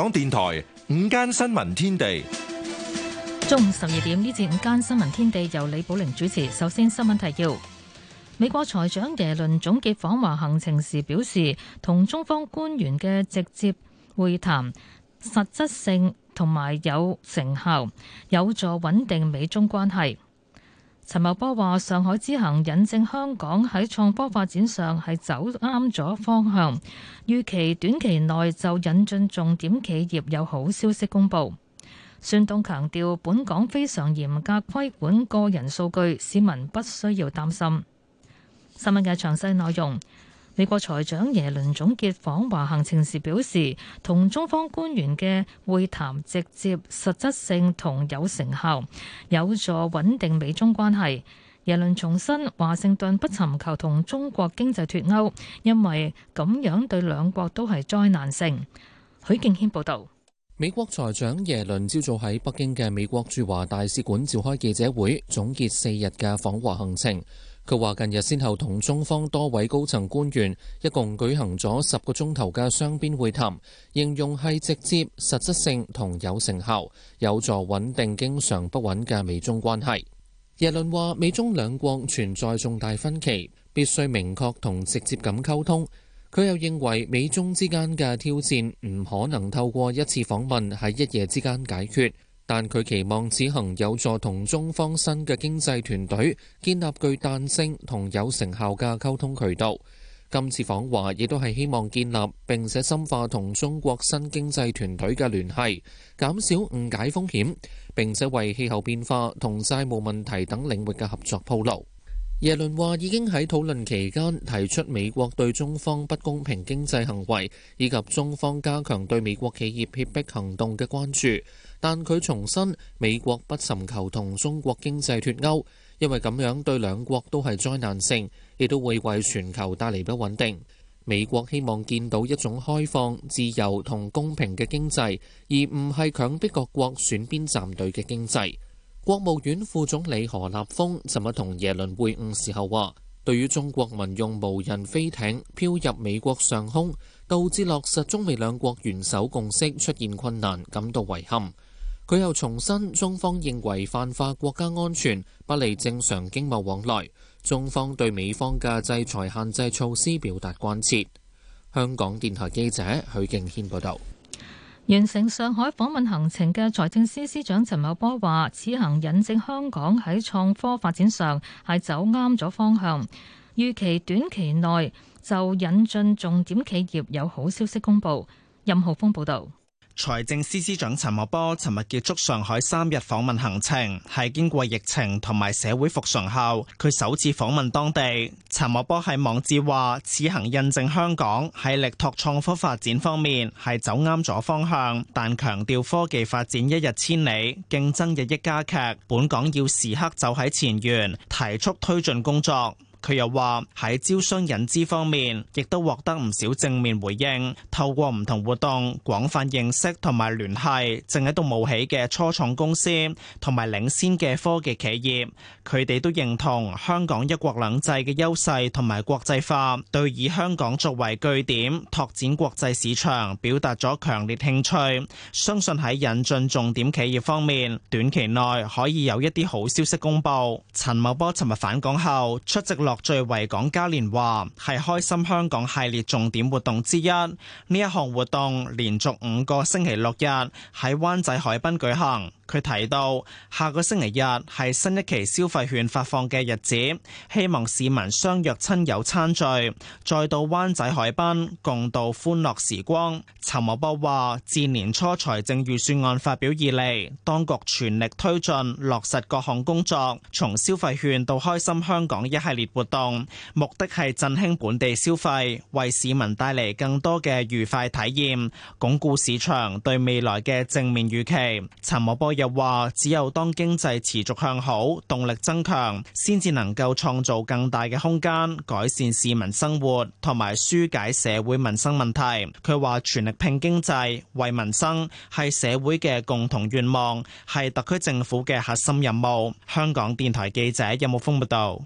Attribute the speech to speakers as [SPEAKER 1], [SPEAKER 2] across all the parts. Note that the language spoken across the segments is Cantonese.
[SPEAKER 1] 港電台午間
[SPEAKER 2] 新聞天地，
[SPEAKER 3] 中午十二點，呢節午間新聞天地由李寶玲主持。首先新聞提要：美國財長耶倫總結訪華行程時表示，同中方官員嘅直接會談實質性同埋有成效，有助穩定美中關係。陳茂波話：上海之行引證香港喺創科發展上係走啱咗方向，預期短期內就引進重點企業有好消息公布。孫東強調，本港非常嚴格規管個人數據，市民不需要擔心。新聞嘅詳細內容。美國財長耶倫總結訪華行程時表示，同中方官員嘅會談直接實質性同有成效，有助穩定美中關係。耶倫重申，華盛頓不尋求同中國經濟脫鈎，因為咁樣對兩國都係災難性。許敬軒報道，
[SPEAKER 2] 美國財長耶倫朝早喺北京嘅美國駐華大使館召開記者會，總結四日嘅訪華行程。佢話近日先後同中方多位高層官員一共舉行咗十個鐘頭嘅雙邊會談，形容係直接、實質性同有成效，有助穩定經常不穩嘅美中關係。耶倫話美中兩國存在重大分歧，必須明確同直接咁溝通。佢又認為美中之間嘅挑戰唔可能透過一次訪問喺一夜之間解決。但佢期望此行有助同中方新嘅經濟團隊建立具彈性同有成效嘅溝通渠道。今次訪華亦都係希望建立並且深化同中國新經濟團隊嘅聯繫，減少誤解風險，並且為氣候變化同債務問題等領域嘅合作鋪路。耶倫話已經喺討論期間提出美國對中方不公平經濟行為，以及中方加強對美國企業脅迫行動嘅關注。但佢重申，美國不尋求同中國經濟脱鈎，因為咁樣對兩國都係災難性，亦都會為全球帶嚟不穩定。美國希望見到一種開放、自由同公平嘅經濟，而唔係強迫各國選邊站隊嘅經濟。國務院副總理何立峰琴日同耶倫會晤時候話，對於中國民用無人飛艇飄入美國上空，導致落實中美兩國元首共識出現困難，感到遺憾。佢又重申，中方認為泛化國家安全，不利正常經貿往來，中方對美方嘅制裁限制措施表達關切。香港電台記者許敬軒報道。
[SPEAKER 3] 完成上海訪問行程嘅財政司司長陳茂波話，此行引證香港喺創科發展上係走啱咗方向，預期短期內就引進重點企業有好消息公布。任浩峰報道。
[SPEAKER 1] 財政司司長陳茂波尋日結束上海三日訪問行程，係經過疫情同埋社會復常後，佢首次訪問當地。陳茂波喺網誌話，此行印證香港喺力拓創科發展方面係走啱咗方向，但強調科技發展一日千里，競爭日益加劇，本港要時刻走喺前沿，提速推進工作。佢又話喺招商引資方面，亦都獲得唔少正面回應，透過唔同活動廣泛認識同埋聯繫正喺度冒起嘅初創公司同埋領先嘅科技企業，佢哋都認同香港一國兩制嘅優勢同埋國際化，對以香港作為據點拓展國際市場表達咗強烈興趣。相信喺引進重點企業方面，短期內可以有一啲好消息公布。陳茂波尋日返港後出席樂聚維港嘉年華係開心香港系列重點活動之一，呢一項活動連續五個星期六日喺灣仔海濱舉行。佢提到下個星期日係新一期消費券發放嘅日子，希望市民相約親友餐聚，再到灣仔海濱共度歡樂時光。陳茂波話：自年初財政預算案發表以嚟，當局全力推進落實各項工作，從消費券到開心香港一系列。活動目的係振興本地消費，為市民帶嚟更多嘅愉快體驗，鞏固市場對未來嘅正面預期。陳茂波又話，只有當經濟持續向好，動力增強，先至能夠創造更大嘅空間，改善市民生活，同埋紓解社會民生問題。佢話全力拼經濟、為民生，係社會嘅共同願望，係特區政府嘅核心任務。香港電台記者任木峰報道。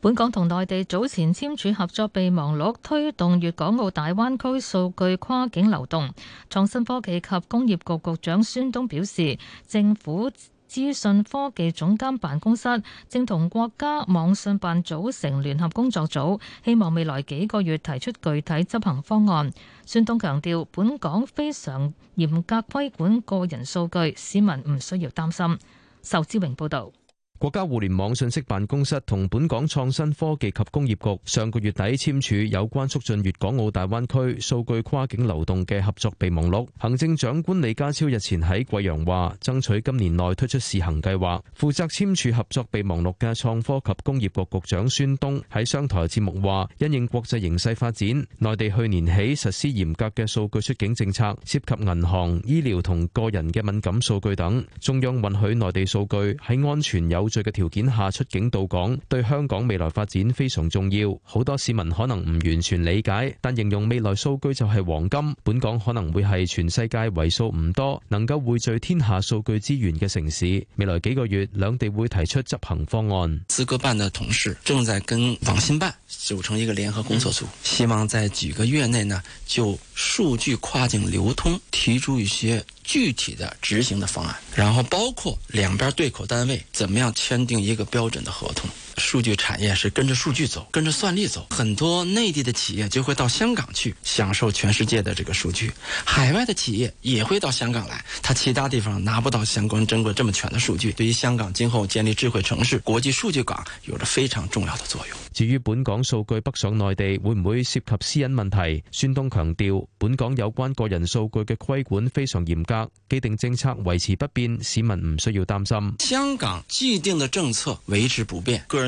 [SPEAKER 3] 本港同內地早前簽署合作備忘錄，推動粵港澳大灣區數據跨境流動。創新科技及工業局局長孫東表示，政府資訊科技總監辦公室正同國家網信辦組成聯合工作組，希望未來幾個月提出具體執行方案。孫東強調，本港非常嚴格規管個人數據，市民唔需要擔心。仇志榮報導。
[SPEAKER 4] 國家互聯網信息辦公室同本港創新科技及工業局上個月底簽署有關促進粵港澳大灣區數據跨境流動嘅合作備忘錄。行政長官李家超日前喺貴陽話，爭取今年內推出試行計劃。負責簽署合作備忘錄嘅創科及工業局局長孫東喺商台節目話，因應國際形勢發展，內地去年起實施嚴格嘅數據出境政策，涉及銀行、醫療同個人嘅敏感數據等。中央允許內地數據喺安全有罪嘅條件下出境到港，對香港未來發展非常重要。好多市民可能唔完全理解，但形容未來數據就係黃金，本港可能會係全世界為數唔多能夠匯聚天下數據資源嘅城市。未來幾個月，兩地會提出執行方案。
[SPEAKER 5] 資格辦嘅同事正在跟網信辦組成一個聯合工作組，
[SPEAKER 4] 希望在
[SPEAKER 5] 幾個月內呢，就。數據跨境流通，提出一些具體的執行的方案，然後包括兩邊對口單位怎麼樣簽訂一個標準的合同。數據產業是跟着數據走，跟着算力走。很多內地的企業就會到香港去享受全世界的這個數據，海外的企業也會到香港來。它其他地方拿不到相關珍貴這麼全的數據。對於香港今後建立智慧城市、國際數據港，有着非常重要的作用。
[SPEAKER 4] 至於本港數據北上內地會唔會涉及私隱問題？孫東強調，本港有關個人數據嘅規管非常嚴格，既定政策維持不變，市民唔需要擔心。香港
[SPEAKER 5] 既定的政策維持不變，個人。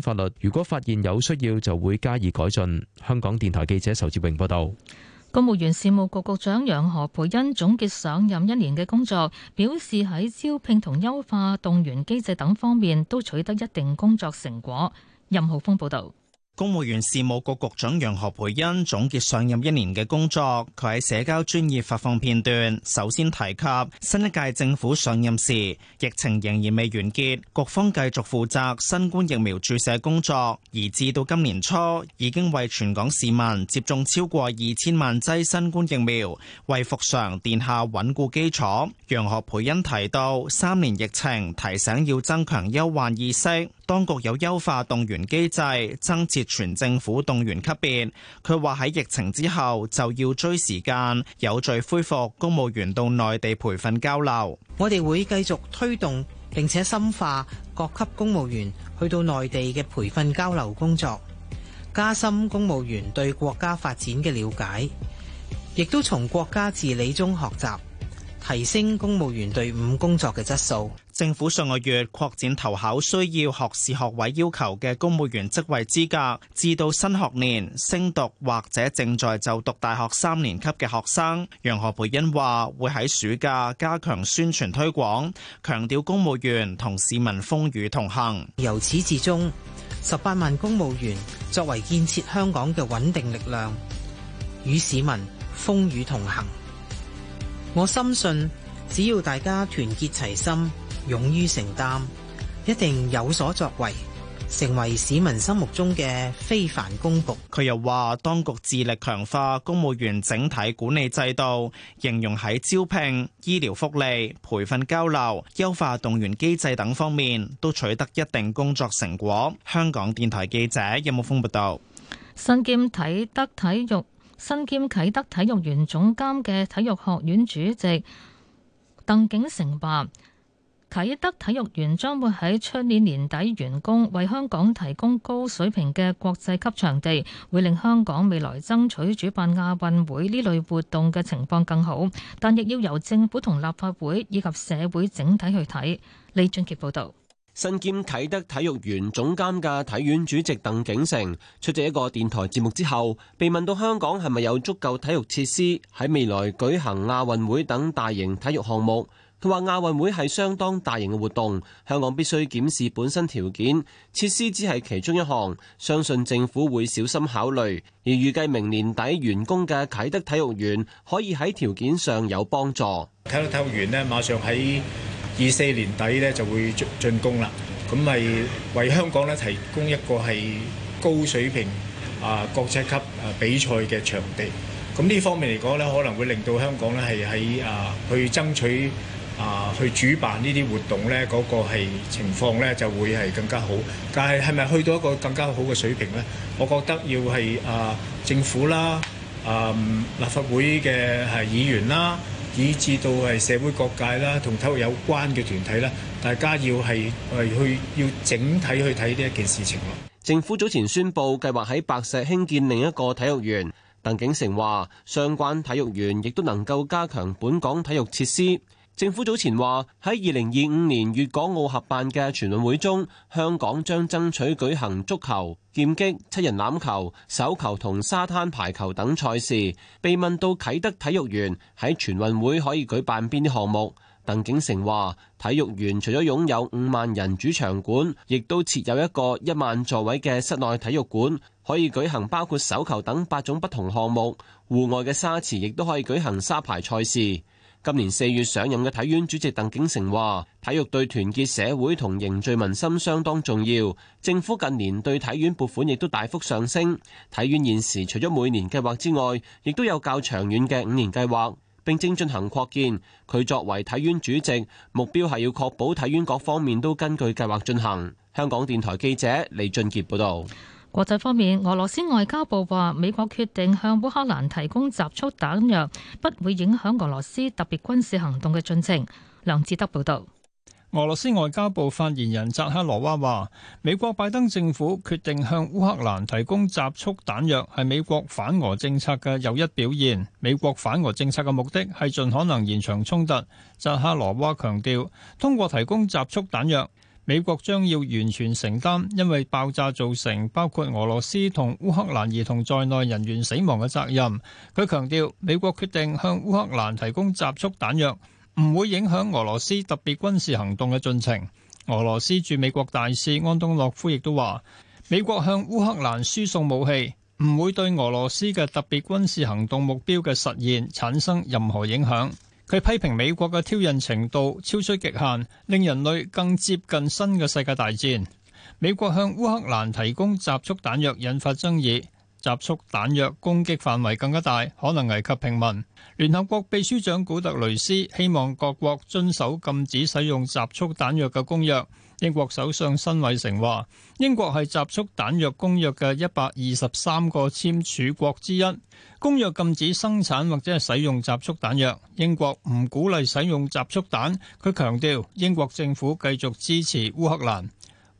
[SPEAKER 4] 法律，如果發現有需要，就會加以改進。香港電台記者仇志榮報道。
[SPEAKER 3] 公務員事務局局長楊何培恩總結上任一年嘅工作，表示喺招聘同優化動員機制等方面都取得一定工作成果。任浩峰報道。
[SPEAKER 1] 公務員事務局局，局長楊何蓓茵總結上任一年嘅工作，佢喺社交專業發放片段，首先提及新一屆政府上任時，疫情仍然未完結，局方繼續負責新冠疫苗注射工作，而至到今年初，已經為全港市民接種超過二千萬劑新冠疫苗，為復常奠下穩固基礎。楊何蓓茵提到，三年疫情提醒要增強憂患意識，當局有優化動員機制，增設全政府動員級別。佢話喺疫情之後就要追時間，有序恢復公務員到內地培訓交流。我哋會繼續推動並且深化各級公務員去到內地嘅培訓交流工作，加深公務員對國家發展嘅了解，亦都從國家治理中學習。提升公務員隊伍工作嘅質素。政府上個月擴展投考需要學士學位要求嘅公務員職位資格，至到新學年升讀或者正在就讀大學三年級嘅學生。楊何培恩話：會喺暑假加強宣傳推廣，強調公務員同市民風雨同行。由始至終，十八萬公務員作為建設香港嘅穩定力量，與市民風雨同行。我深信，只要大家團結齊心、勇於承擔，一定有所作為，成為市民心目中嘅非凡公僕。佢又話，當局致力強化公務員整體管理制度，形容喺招聘、醫療福利、培訓交流、優化動員機制等方面都取得一定工作成果。香港電台記者任木峰報道。
[SPEAKER 3] 身兼體德體育。身兼啟德體育園總監嘅體育學院主席鄧景成話，啟德體育園將會喺出年年底完工，為香港提供高水平嘅國際級場地，會令香港未來爭取主辦亞運會呢類活動嘅情況更好。但亦要由政府同立法會以及社會整體去睇。李俊傑報導。
[SPEAKER 6] 身兼啟德體育園總監嘅體院主席鄧景成出席一個電台節目之後，被問到香港係咪有足夠體育設施喺未來舉行亞運會等大型體育項目，佢話亞運會係相當大型嘅活動，香港必須檢視本身條件，設施只係其中一項，相信政府會小心考慮，而預計明年底完工嘅啟德體育園可以喺條件上有幫助。啟德體育園呢，馬上喺。二四年底咧就會竣竣工啦，咁咪為香港咧提
[SPEAKER 1] 供一個係高水平啊國際級啊比賽嘅場地。咁呢方面嚟講咧，可能會令到香港咧係喺啊去爭取啊去主辦呢啲活動咧嗰個係情況咧就會係更加好。但係係咪去到一個更加好嘅水平咧？我覺得要係啊政府啦啊立法會嘅係議員啦。以至到係社會各界啦，同
[SPEAKER 6] 體育有關嘅團體啦，大家要係去要整體去睇呢一件事情。政府早前宣布計劃喺白石興建另一個體育園，鄧景成話相關體育園亦都能夠加強本港體育設施。政府早前話，喺二零二五年粵港澳合辦嘅全運會中，香港將爭取舉行足球、劍擊、七人欖球、手球同沙灘排球等賽事。被問到啟德體育園喺全運會可以舉辦邊啲項目，鄧景成話，體育園除咗擁有五萬人主場館，亦都設有一個一萬座位嘅室內體育館，可以舉行包括手球等八種不同項目。戶外嘅沙池亦都可以舉行沙排賽事。今年四月上任嘅體院主席鄧景成話，體育對團結社會同凝聚民心相當重要。政府近年對體院撥款亦都大幅上升。體院現時除咗每年計劃之外，亦都有較長遠嘅五年計劃，並正進行擴建。佢作為體院主席，目標係要確保體院各方面都根據計劃進行。香港電台記者李俊杰報道。
[SPEAKER 3] 國際方面，俄羅斯外交部話，美國決定向烏克蘭提供集束彈藥，不會影響俄羅斯特別軍事行動嘅進程。梁志德報道，
[SPEAKER 7] 俄羅斯外交部發言人扎哈羅娃話，美國拜登政府決定向烏克蘭提供集束彈藥，係美國反俄政策嘅又一表現。美國反俄政策嘅目的係盡可能延長衝突。扎哈羅娃強調，通過提供集束彈藥，美國將要完全承擔因為爆炸造成包括俄羅斯同烏克蘭兒童在內人員死亡嘅責任。佢強調，美國決定向烏克蘭提供集束彈藥，唔會影響俄羅斯特別軍事行動嘅進程。俄羅斯駐美國大使安東諾夫亦都話：美國向烏克蘭輸送武器，唔會對俄羅斯嘅特別軍事行動目標嘅實現產生任何影響。佢批評美國嘅挑釁程度超出極限，令人類更接近新嘅世界大戰。美國向烏克蘭提供集束彈藥，引發爭議。集束彈藥攻擊範圍更加大，可能危及平民。聯合國秘書長古特雷斯希望各國遵守禁止使用集束彈藥嘅公約。英國首相辛偉誠話：英國係集束彈藥公約嘅一百二十三個簽署國之一。公約禁止生產或者係使用集束彈藥。英國唔鼓勵使用集束彈。佢強調英國政府繼續支持烏克蘭。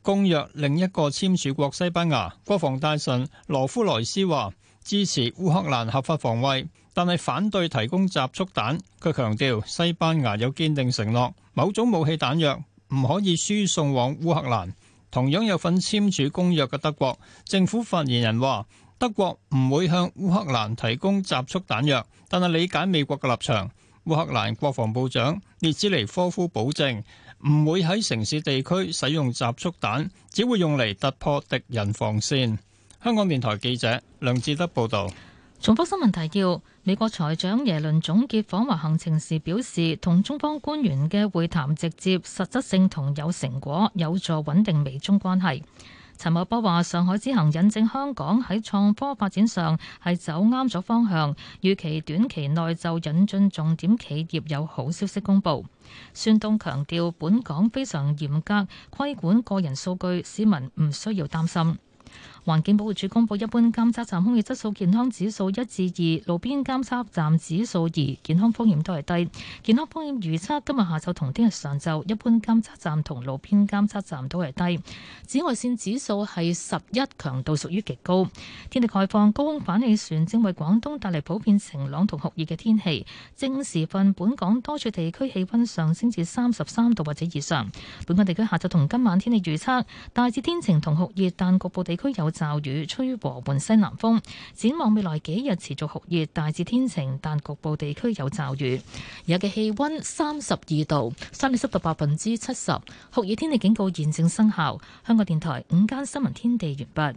[SPEAKER 7] 公約另一個簽署國西班牙國防大臣羅夫萊斯話支持烏克蘭合法防衛，但係反對提供集束彈。佢強調西班牙有堅定承諾，某種武器彈藥唔可以輸送往烏克蘭。同樣有份簽署公約嘅德國政府發言人話：德國唔會向烏克蘭提供集束彈藥，但係理解美國嘅立場。烏克蘭國防部長列茲尼科夫保證。唔會喺城市地區使用集束彈，只會用嚟突破敵人防線。香港電台記者梁志德報道。
[SPEAKER 3] 重複新聞提要：美國財長耶倫總結訪華行程時表示，同中方官員嘅會談直接、實質性同有成果，有助穩定美中關係。陳茂波話：上海之行引證香港喺創科發展上係走啱咗方向，預期短期內就引進重點企業有好消息公布。孫東強調，本港非常嚴格規管個人數據，市民唔需要擔心。環境保護署公布，一般監測站空氣質素健康指數一至二，路邊監測站指數二，健康風險都係低。健康風險預測今日下晝同聽日上晝，一般監測站同路邊監測站都係低。紫外線指數係十一，強度屬於極高。天氣概況，高空反氣旋正為廣東帶嚟普遍晴朗同酷熱嘅天氣。正時分，本港多處地區氣溫上升至三十三度或者以上。本港地區下晝同今晚天氣預測大致天晴同酷熱，但局部地區有驟雨，吹和緩西南風。展望未來幾日持續酷熱，大致天晴，但局部地區有驟雨。有嘅氣溫三十二度，相對濕度百分之七十，酷熱天氣警告現正生效。香港電台午間新聞天地完畢。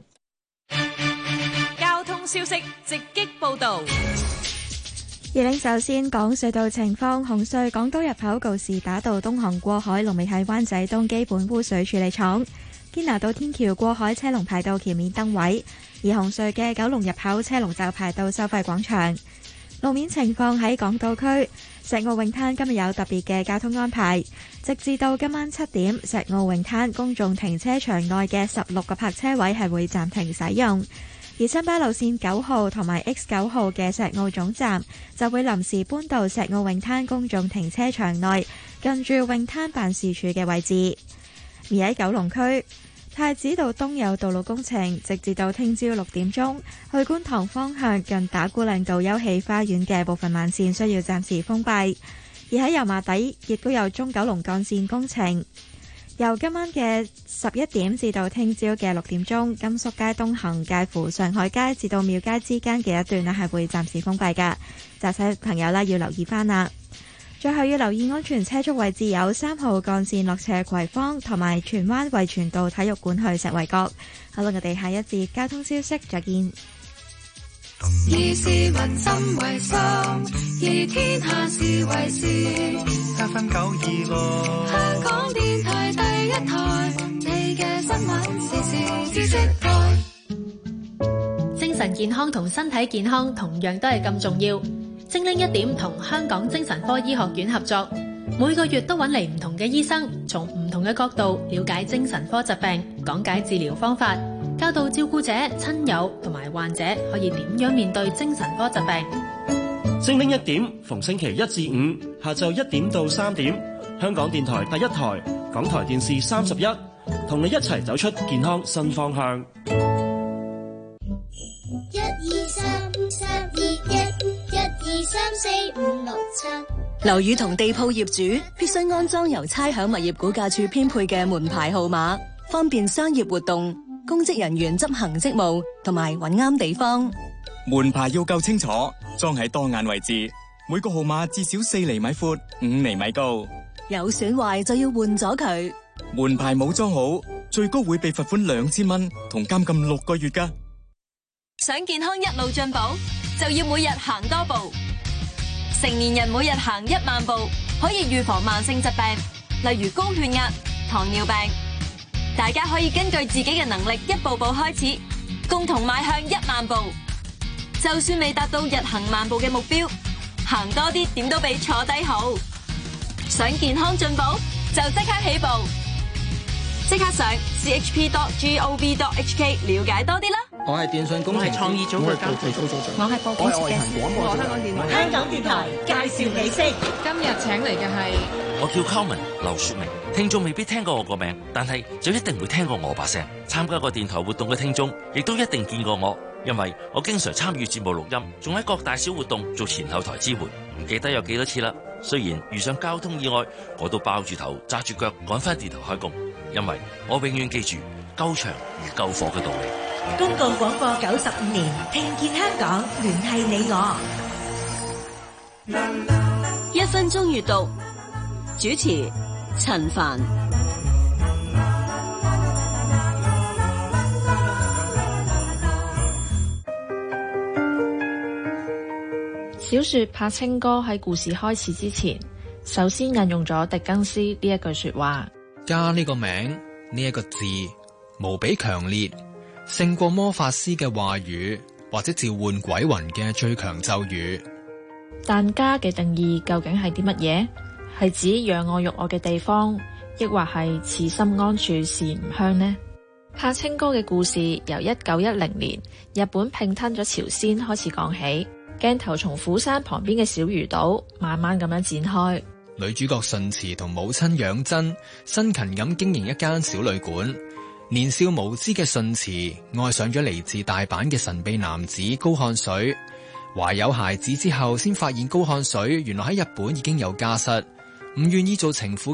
[SPEAKER 3] 交通消息直擊報道。
[SPEAKER 8] 首先講隧道情況，紅隧港島入口告示打到東行過海，龍尾喺灣仔東基本污水處理廠。堅拿道天橋過海車龍排到橋面燈位，而紅隧嘅九龍入口車龍就排到收費廣場。路面情況喺港島區。石澳泳灘今日有特別嘅交通安排，直至到今晚七點，石澳泳灘公眾停車場內嘅十六個泊車位係會暫停使用，而新巴路線九號同埋 X 九號嘅石澳總站就會臨時搬到石澳泳灘公眾停車場內近住泳灘辦事處嘅位置。而喺九龍區太子道東有道路工程，直至到聽朝六點鐘，去觀塘方向近打鼓嶺道休憩花園嘅部分慢線需要暫時封閉。而喺油麻地亦都有中九龍幹綫工程，由今晚嘅十一點至到聽朝嘅六點鐘，甘肅街東行介乎上海街至到廟街之間嘅一段啊，係會暫時封閉嘅，駕駛朋友啦要留意返啦。最後要留意安全車速位置，有三號幹線落斜葵芳、同埋荃灣惠荃道體育館去石圍角。好啦，我哋下一節交通消息再見。
[SPEAKER 2] 以市民心為心，以天下事為事，香港電台第一台，你嘅新聞時事
[SPEAKER 3] 知識
[SPEAKER 6] 台。
[SPEAKER 8] 精神健康同身體健康同樣都係咁
[SPEAKER 3] 重要。精靈一點同香港精神科醫學院合作，每個月都揾嚟唔同嘅醫生，從唔同嘅角度了解精神科疾病，講解治療方法，教導照顧者、親友同埋患者可以點樣面對精神科疾病。
[SPEAKER 6] 精靈一點逢星期一至五下晝一點到三點，香港電台第一台、港台電視三十一，同你一齊走出健康新方向。一二
[SPEAKER 1] 三，三二一。
[SPEAKER 8] 樓宇同地鋪業主必須安裝由差餉物業估價署編配嘅門牌號碼，方便商業活動、公職人員執行職務同埋揾啱地方。
[SPEAKER 4] 門牌要夠清楚，裝喺當眼位置，每個號碼至少四厘米闊、五厘米高。
[SPEAKER 8] 有損壞就要換咗佢。
[SPEAKER 4] 門牌冇裝好，最高會被罰款兩千蚊同監禁六個月噶。
[SPEAKER 8] 想健康一路進步，就要每日行多步。成年人每日行一萬步可以預防慢性疾病，例如高血壓、糖尿病。大家可以根據自己嘅能力一步步開始，共同邁向一萬步。就算未達到日行萬步嘅目標，行多啲點都比坐低好。想健康進步，就即刻起步。即刻上 chp.gov.hk 了解多啲啦！
[SPEAKER 5] 我係電信工程創意組嘅，我係多媒體組組長，我係香，香，
[SPEAKER 8] 香港電台。香港電台介
[SPEAKER 5] 紹
[SPEAKER 3] 你先，今日請嚟嘅係
[SPEAKER 2] 我叫 Common 劉雪明，聽眾未必聽過我個名，但係就一定會聽過我把聲。參加過電台活動嘅聽眾亦都一定見過我，因為我經常參與節目錄音，仲喺各大小活動做前後台支援，唔記得有幾多次啦。雖然遇上交通意外，我都包住頭、紮住腳，趕翻地頭開工，因為我永遠記住救場如救
[SPEAKER 4] 火嘅道理。
[SPEAKER 8] 公共廣播九十五年，聽見香港，聯繫你我。一分鐘閱讀，主持陳凡。
[SPEAKER 7] 陳帆
[SPEAKER 8] 小說《柏青哥》喺故事開始之前，首先引用咗狄更斯呢一句說話：
[SPEAKER 7] 家呢個名呢一個字無比強烈，勝過魔法師嘅話語或者召喚鬼魂嘅最強咒
[SPEAKER 2] 語。
[SPEAKER 8] 但家嘅定義究竟係啲乜嘢？係指讓我欲愛嘅地方，亦或係此心安處是吾鄉呢？柏青哥嘅故事由一九一零年日本併吞咗朝鮮開始講起。鏡頭從釜山旁邊嘅小漁島慢慢咁樣展開。
[SPEAKER 7] 女主角順慈同母親養真辛勤咁經營一間小旅館。年少無知嘅順慈愛上咗嚟自大阪嘅神秘男子高漢水，懷有孩
[SPEAKER 5] 子之後，先發現高漢水原來喺日本已經有家室，唔願意做情婦。